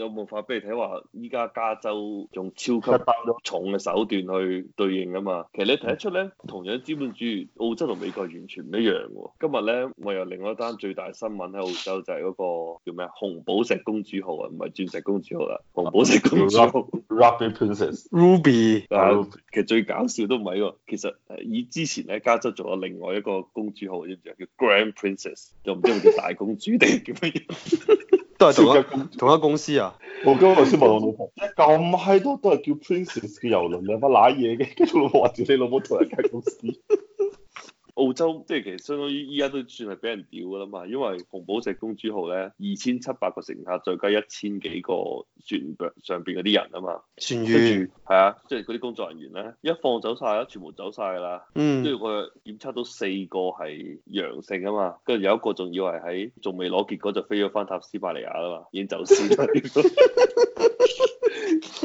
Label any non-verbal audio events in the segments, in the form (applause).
有冇法俾你睇？話依家加州用超級重嘅手段去對應啊嘛。其實你睇得出咧，同樣資本主義，澳洲同美國完全唔一樣喎。今日咧，我有另外一單最大新聞喺澳洲就、那個，就係嗰個叫咩啊？紅寶石公主號啊，唔係鑽石公主號啦，紅寶石公主號。Ruby Princess Ruby。Uh, 其實最搞笑都唔係喎，其實以之前咧，加州仲有另外一個公主號，知唔知叫 Grand Princess，就唔知佢叫大公主定係叫乜嘢？都係同一個同一個公司啊！ (laughs) 我今日先問我老婆，咁閪多都係叫 Princess 嘅郵輪，你係咪賴嘢嘅？跟住老婆話：叫你老婆同人間公司。 (laughs) 澳洲即係其實相當於依家都算係俾人屌嘅啦嘛，因為紅寶石公主號咧二千七百個乘客再加一千幾個船上邊嗰啲人啊嘛，船員係啊，即係嗰啲工作人員咧，一放走晒啦，全部走晒嘅啦，嗯，跟住佢檢測到四個係陽性啊嘛，跟住有一個仲以為喺，仲未攞結果就飛咗翻塔斯馬尼亞啦嘛，已經走先。 (laughs) (laughs)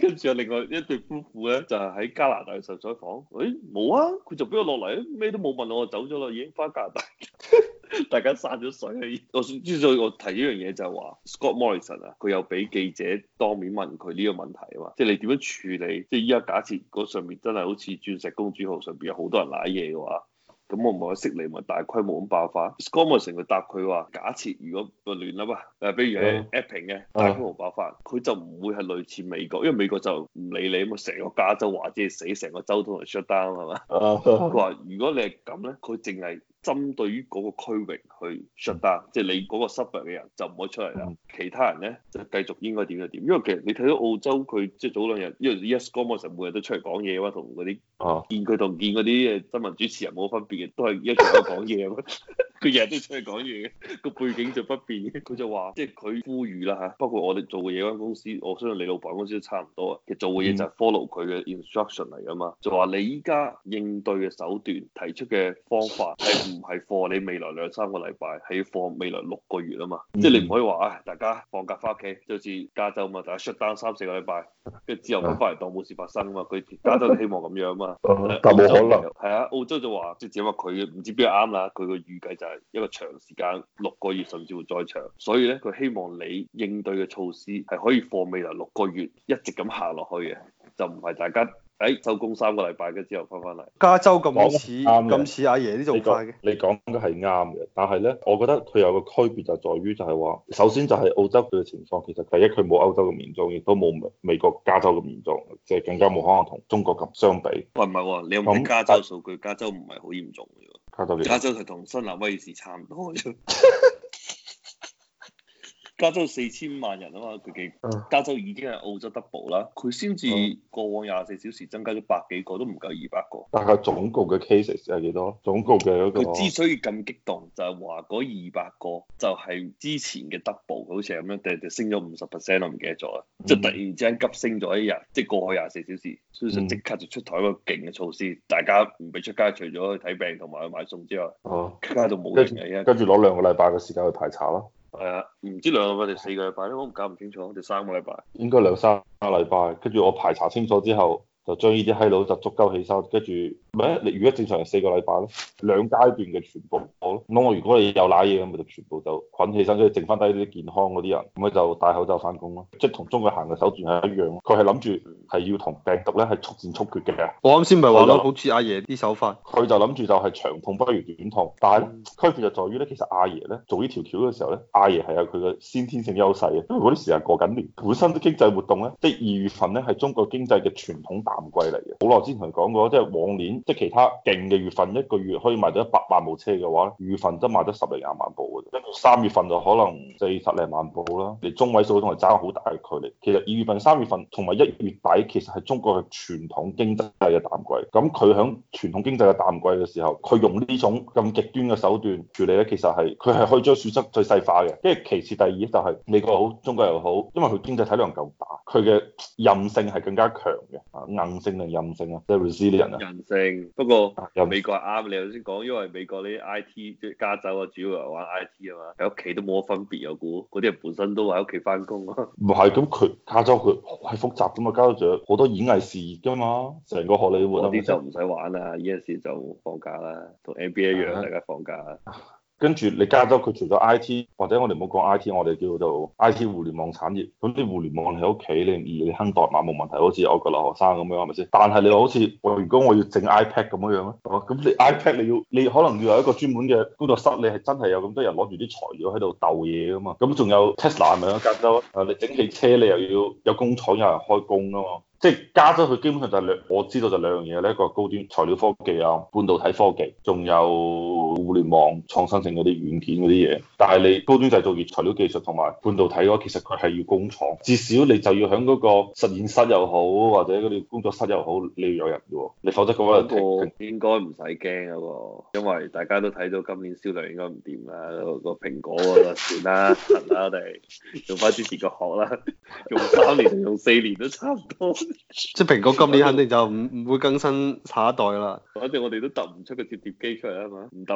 跟住有另外一對夫婦咧，就係、是、喺加拿大受實採訪。冇、欸、啊，佢就俾我落嚟，咩都冇問我，我走咗啦，已經翻加拿大。 (laughs) 大家散咗水。我之所以我提呢樣嘢就係話，Scott Morrison 啊，佢又俾記者當面問佢呢個問題啊嘛，即、就、係、是、你點樣處理？即係依家假設嗰上面真係好似《鑽石公主號》上邊有好多人瀨嘢嘅話。咁我唔可以悉尼，咪大規模咁爆發。ScoMo 成佢答佢話，假設如果亂粒啊，誒，譬如係 Epping 嘅大規模爆發，佢就唔會係類似美國，因為美國就唔理你啊嘛，成個加州或者係死成個州都係 shutdown 係嘛，佢話、uh huh. 如果你係咁咧，佢淨係，針對於嗰個區域去 shut down，即係你嗰個 suburb 嘅人就唔可以出嚟啦，其他人咧就繼續應該點就點。因為其實你睇到澳洲佢即係早兩日，因為 YesGov 每日都出嚟講嘢啊嘛，同嗰啲見佢同見嗰啲新聞主持人冇乜分別嘅，都係一齊喺度講嘢啊嘛。佢日日都出嚟講嘢嘅，個背景就不變。佢就話即係佢呼籲啦嚇，包括我哋做嘅嘢間公司，我相信你老闆公司都差唔多啊。其實做嘅嘢就係 follow 佢嘅 instruction 嚟噶嘛。就話你依家應對嘅手段，提出嘅方法係唔係放你未來兩三個禮拜，係要放未來六個月啊嘛！即係你唔可以話，唉，大家放假翻屋企，就好似加州咁啊，大家 shut down 三四個禮拜，跟住之後翻嚟當冇事發生啊嘛！佢加州都希望咁樣啊嘛。 (laughs) 但冇可能。係啊，澳洲就話，即係只係話佢唔知邊個啱啦。佢個預計就係一個長時間六個月，甚至乎再長。所以咧，佢希望你應對嘅措施係可以放未來六個月一直咁行落去嘅，就唔係大家。誒，收工三個禮拜，跟住之後翻翻嚟，加州咁似咁似阿爺呢種怪嘅。你講嘅係啱嘅，但係咧，我覺得佢有個區別就在於就係話，首先就係澳洲佢嘅情況，其實第一佢冇歐洲咁嚴重，亦都冇美美國加州咁嚴重，即係更加冇可能同中國咁相比。喂，唔係，你有冇加州數據？那加州唔係好嚴重嘅，加州同新南威爾士差唔多。 (laughs) 加州四千萬人啊嘛，佢嘅加州已經係澳洲 double 啦，佢先至過往廿四小時增加咗百幾個都唔夠二百個。但係總局嘅 cases 係幾多？總局嘅嗰個佢之所以咁激動，就係話嗰二百個就係之前嘅 double，好似係咁樣定升咗五十 percent，我唔記得咗啊！即係、嗯、突然之間急升咗一日，即、就、係、是、過去廿四小時，所以就即刻就出台一個勁嘅措施，嗯、大家唔俾出街，除咗去睇病同埋去買餸之外，哦、啊，街度冇人跟住攞兩個禮拜嘅時間去排查咯。係啊，唔知兩個禮拜定四個禮拜咧，我唔搞唔清楚，定三個禮拜。應該兩三個禮拜，跟住我排查清楚之後，就將呢啲閪佬，就捉鳩起身，跟住咩？如果正常係四個禮拜咧，兩階段嘅全部咯。咁我如果你有瀨嘢，咁咪就全部都滾起身，跟住剩翻低啲健康嗰啲人，咁佢就戴口罩翻工咯。即係同中國行嘅手段係一樣咯。佢係諗住係要同病毒咧係速戰速決嘅。我啱先咪話咯，好似阿爺啲手法，佢就諗住就係長痛不如短痛。但係咧區別就在於咧，其實阿爺咧做呢條橋嘅時候咧，阿爺係有佢嘅先天性優勢嘅。因為嗰啲時間過緊年，本身啲經濟活動咧，即係二月份咧係中國經濟嘅傳統淡季嚟嘅。好耐之前同佢講過，即係往年即係其他勁嘅月份，一個月可以賣到一百萬部車嘅話咧，二月份都賣得十零廿萬部嘅。三月份就可能四十零萬部啦，你中位數同埋差好大嘅距離。其實二月份、三月份同埋一月底，其實係中國嘅傳統經濟嘅淡季。咁佢響傳統經濟嘅淡季嘅時候，佢用呢種咁極端嘅手段處理咧，其實係佢係可以將損失最細化嘅。因為其次第二就係、是、美國好，中國又好，因為佢經濟體量夠大，佢嘅韌性係更加強嘅。硬性定韌性啊 resilience 韌性。不過由美國啱，你頭先講，因為美國啲 IT 即係加州啊，主要係玩 IT 啊嘛。喺屋企都冇乜分別，我估嗰啲人本身都喺屋企翻工咯。唔係咁佢下晝佢係複雜噶嘛，交咗好多演藝事業噶嘛，成個荷里活嗰啲就唔使玩啦，依件事就放假啦，同 NBA 一樣，的大家放假啦。 (laughs) 跟住你加州佢除咗 I T 或者我哋唔好講 I T，我哋叫做 I T 互聯網產業。咁啲互聯網喺屋企，你二零坑代碼冇問題，好似我個留學生咁樣，係咪先？但係你話好似我如果我要整 iPad 咁樣樣咧，咁你 iPad 你要你可能要有一個專門嘅工作室，你係真係有咁多人攞住啲材料喺度鬥嘢噶嘛？咁仲有 Tesla 咪喺加州啊？你整汽車你又要有工廠有人開工噶嘛？即係加州佢基本上就兩、是，我知道就兩樣嘢咧，一個高端材料科技啊，半導體科技，仲有。互聯網創新性嗰啲軟件嗰啲嘢，但係你高端製造業材料技術同埋半導體嘅話，其實佢係要工廠，至少你就要喺嗰個實驗室又好，或者嗰啲工作室又好，你要有人嘅喎，你否則咁樣又停。應該唔使驚嘅喎，因為大家都睇到今年銷量應該唔掂啦。個、嗰個蘋果嗰個算啦，得啦 (laughs) 我哋用翻之前個殼啦，用三年定用四年都差唔多。 (laughs) 即係蘋果今年肯定就唔唔會更新下一代啦。 (laughs) 反正我哋都揼唔出個折疊機出嚟啊嘛，唔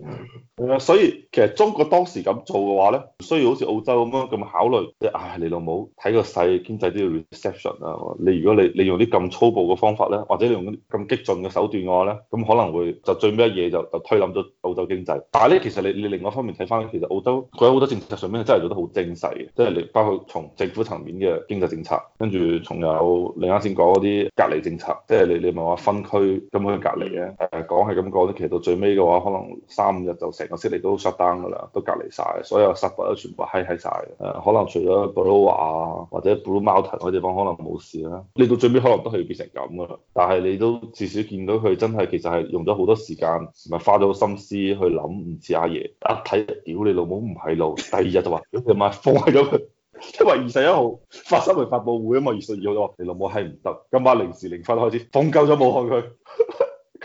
Mm hmm. 所以其實中國當時咁做嘅話咧，需要好似澳洲咁樣咁考慮，即係唉，你老母睇個細經濟都要 reception 啊，你如果你你用啲咁粗暴嘅方法咧，或者你用啲咁激進嘅手段嘅話咧，咁可能會就最尾一嘢就就推冧咗澳洲經濟。但係咧，其實你你另外一方面睇翻其實澳洲佢喺好多政策上面真係做得好精細嘅，即係你包括從政府層面嘅經濟政策，跟住仲有你啱先講嗰啲隔離政策，即係你你咪話分區根本係隔離嘅，誒講係咁講咧，其實到最尾嘅話可能。三五日就成個悉尼都 shutdown 噶啦，都隔離晒，所有室泊都全部閪閪晒。誒、啊，可能除咗 Bulawaye、啊、或者 Blue Mountain 嗰啲地方可能冇事啦。你到最尾可能都可以變成咁噶啦，但係你都至少見到佢真係其實係用咗好多時間同埋花咗心思去諗，唔似阿爺一睇，屌你老母唔喺路，第二日就話：，你媽封咗佢，因為二十一號發生完發佈會啊嘛，二十二號就話：你老母閪唔得，今晚零時零分開始封夠咗武漢佢。 (laughs)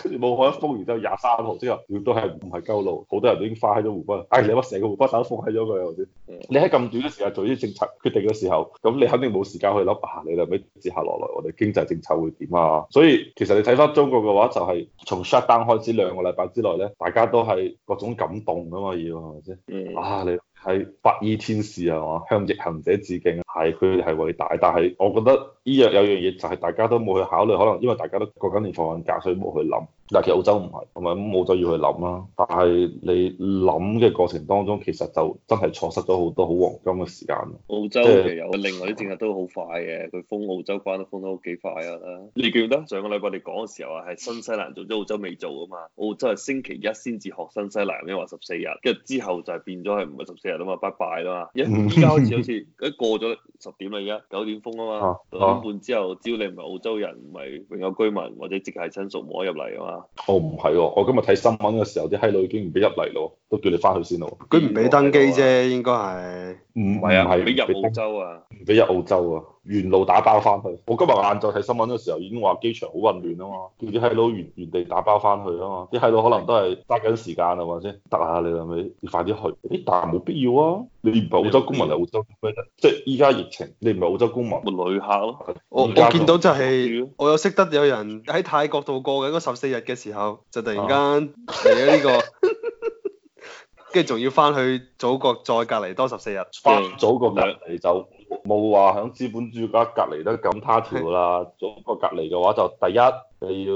跟住武漢一封，完之後廿三號之後，都係唔係鳩路，好多人都已經花喺咗湖北。唉、哎，你乜成個湖北省都封喺咗佢？係咪先？你喺咁短嘅時間做啲政策決定嘅時候，咁你肯定冇時間去諗啊！你嚟唔接下落來，我哋經濟政策會點啊？所以其實你睇翻中國嘅話，就係、是、從 shut down 開始兩個禮拜之內咧，大家都係各種感動啊嘛，要係咪先？啊，你係白衣天使係嘛？向逆行者致敬。係，佢哋係為大，但係我覺得呢樣有樣嘢就係大家都冇去考慮，可能因為大家都過緊年放緊假，所以冇去諗。但係其實澳洲唔係，同埋咁澳洲要去諗啦。但係你諗嘅過程當中，其實就真係錯失咗好多好黃金嘅時間。澳洲其係、就是、有另外啲政策都好快嘅，佢封澳洲關都封得幾快啊！你記得上個禮拜你講嘅時候話係新西蘭做咗澳洲未做啊嘛？澳洲係星期一先至學新西蘭，你話十四日，跟住之後就係變咗係唔係十四日啊嘛？拜拜啦嘛！依依家開始好似一過咗。十點啦，而家九點封啊嘛，九、啊、點半之後，只要你唔係澳洲人，唔係永久居民或者直系親屬，唔可以入嚟啊嘛。哦，唔係喎，我今日睇新聞嘅時候，啲閪佬已經唔俾入嚟咯，都叫你翻去先咯。佢唔俾登機啫，啊、應該係。唔係啊，唔係俾入澳洲啊，唔俾入澳洲啊。原路打包翻去，我今日晏晝睇新聞嘅時候已經話機場好混亂啊嘛，叫啲閪佬原原地打包翻去啊嘛，啲閪佬可能都係揸緊時間啊嘛先，得下你咪，你快啲去，但係冇必要啊，你唔係澳洲公民嚟、嗯、澳洲咩，即係依家疫情，你唔係澳洲公民咪旅客咯。我、就是、我見到就係、是，我又識得有人喺泰國度過緊嗰十四日嘅時候，就突然間嚟咗呢個，跟住仲要翻去祖國再隔離多十四日，翻祖國咪走。冇話喺資本主義國家隔離得咁他條啦，祖國隔離嘅話就第一你要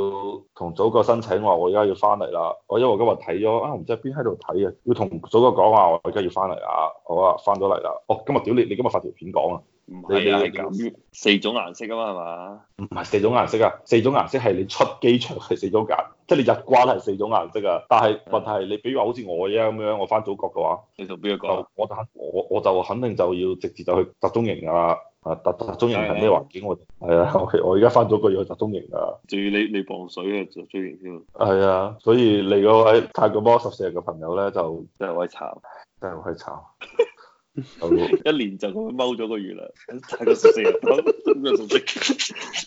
同祖國申請話我而家要翻嚟啦，我因為今日睇咗啊，唔知喺邊喺度睇啊。要同祖國講話我而家要翻嚟啊，好啊，翻咗嚟啦，哦，今日屌你，你今日發條片講啊！唔係、啊、你係咁，四種顏色啊嘛係嘛？唔係四,四種顏色啊，四種顏色係你出機場係四種揀，即係你日關係四種顏色啊。但係問題係你，比如話好似我呀咁樣，我翻祖國嘅話，你同邊個講？我就我我就肯定就要直接就去集中營啊！啊，集集中營係咩環境的我係啊，我而家翻祖國要去集中營啊，至於你你傍水啊集中營添。係啊，所以你嗰位泰國波十四日嘅朋友咧，就真係好慘，真係好慘。 (laughs) 一年就踎咗個月啦，泰國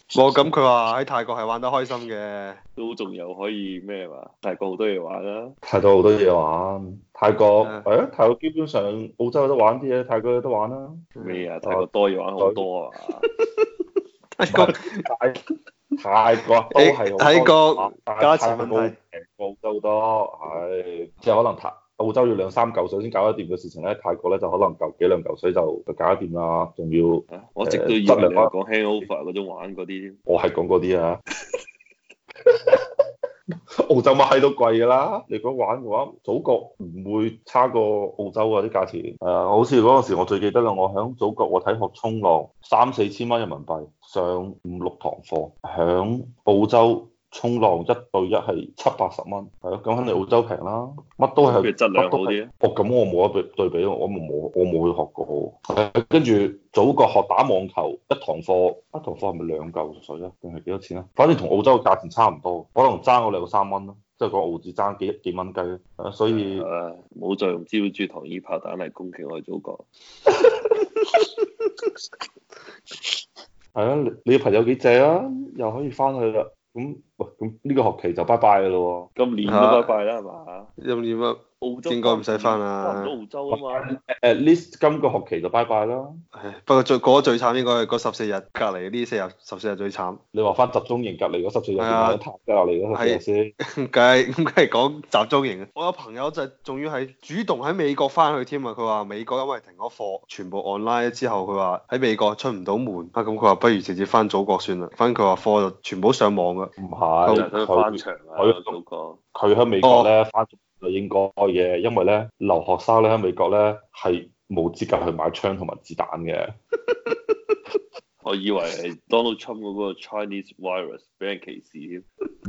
冇咁佢話喺泰國係玩得開心嘅，都仲有可以咩話？泰國好多嘢玩啦，泰國好多嘢玩。泰國，誒，泰國基本上澳洲有得玩啲嘢，泰國有得玩啦。咩啊？泰國多嘢玩好多啊！泰國，泰國都係泰國價錢澳洲多，唉，即係可能泰。澳洲要兩三嚿水先搞得掂嘅事情咧，泰國咧就可能夠幾兩嚿水就就搞得掂啦，仲要，我一直都以為我講 handover 嗰種玩嗰啲，我係講嗰啲啊， (laughs) (laughs) 澳洲買都貴噶啦，你講玩嘅話，祖國唔會差過澳洲啊啲價錢。誒、uh，好似嗰陣時我最記得啦，我響祖國我睇學沖浪，三四千蚊人民幣，上五六堂課，響澳洲。衝浪一對一係七八十蚊，係咯，咁肯定澳洲平啦，乜都係，質量好啲。哦，咁我冇得比對比，我冇我冇去學過。係，跟住祖國學打網球一堂課，一堂課係咪兩嚿水啊？定係幾多錢啊？反正同澳洲嘅價錢差唔多，可能爭我兩三蚊咯，即係個澳紙爭幾幾蚊雞咯。所以冇再用焦珠糖衣炮彈嚟攻擊我哋祖國。係啊， (laughs) 你嘅朋友幾正啊，又可以翻去啦。咁喂，咁呢個學期就拜拜噶咯喎，今年都拜拜啦，係嘛、啊？今年乜？應該唔使翻啦，澳洲啊嘛，誒誒，at least 今個學期就拜拜啦。唉，不過最過咗最慘應該係嗰十四日隔離呢四日，十四日最慘。你話翻集中營隔離嗰十四日，全部都塌咗落嚟咯，係咪先？梗梗係講集中營啊！我有朋友就仲要係主動喺美國翻去添啊！佢話美國因為停咗課，全部 online 之後，佢話喺美國出唔到門啊，咁佢話不如直接翻祖國算啦。翻佢話課就全部上網噶，唔係佢翻牆佢喺美國咧翻。就應該嘅，因為咧留學生咧喺美國咧係冇資格去買槍同埋子彈嘅。我以為係 Donald Trump 嗰個 Chinese Virus 俾人歧視添。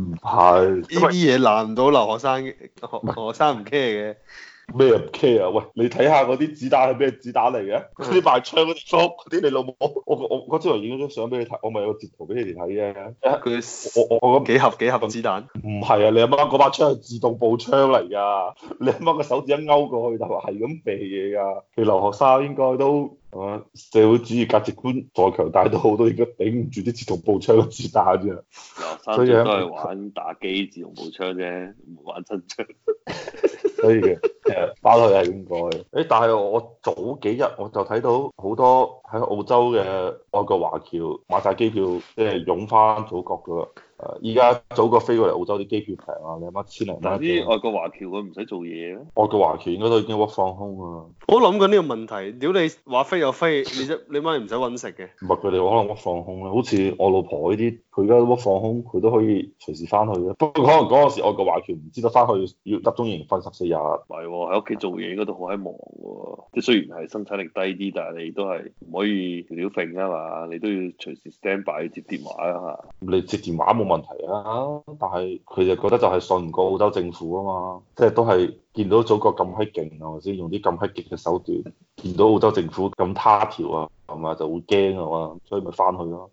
唔係，呢啲嘢難唔到留學生，學學生唔 care 嘅。 (laughs) 咩唔 c 啊？喂，你睇下嗰啲子彈係咩子彈嚟嘅？嗰啲埋槍嗰啲裝嗰啲，你老母我我我之前影咗張相俾你睇，我咪有個截圖俾你哋睇嘅。佢我我我嗰幾盒幾盒咁子彈，唔係啊！你阿媽嗰把槍係自動步槍嚟噶，你阿媽個手指一勾過去就話係咁射嘢噶。而留學生應該都、嗯、社會主義價值觀再強大都好多，都應該頂唔住啲自動步槍子彈嘅。留學生最多玩打機自動步槍啫，唔、啊、玩真槍。 (laughs) 所以嘅包佢係應該，誒、 (laughs) 哎！但係我早幾日我就睇到好多喺澳洲嘅外國華僑買晒機票，即係湧返祖國㗎喇。誒，依家早個飛過嚟澳洲啲機票平啊，你阿媽千零蚊。嗱，啲外國華僑佢唔使做嘢，外國華僑應該都已經屈放空啊。我都諗緊呢個問題，屌你話飛又飛，你啫你媽唔使揾食嘅。唔係佢哋可能屈放空啊。好似我老婆呢啲，佢而家屈放空，佢都可以隨時翻去啊。不過可能嗰陣時外國華僑唔知道翻去要集中營瞓十四日。唔係喎，喺屋企做嘢應該都好閪忙喎，即係雖然係生產力低啲，但係你都係唔可以亂揈啊嘛，你都要隨時 standby 接電話啊。你接電話冇？問題啊！但係佢哋覺得就係信唔過澳洲政府啊嘛，即係都係見到祖國咁閪勁啊或者用啲咁閪極嘅手段，見到澳洲政府咁他條啊嘛，係嘛就會驚啊嘛，所以咪翻去咯，啊。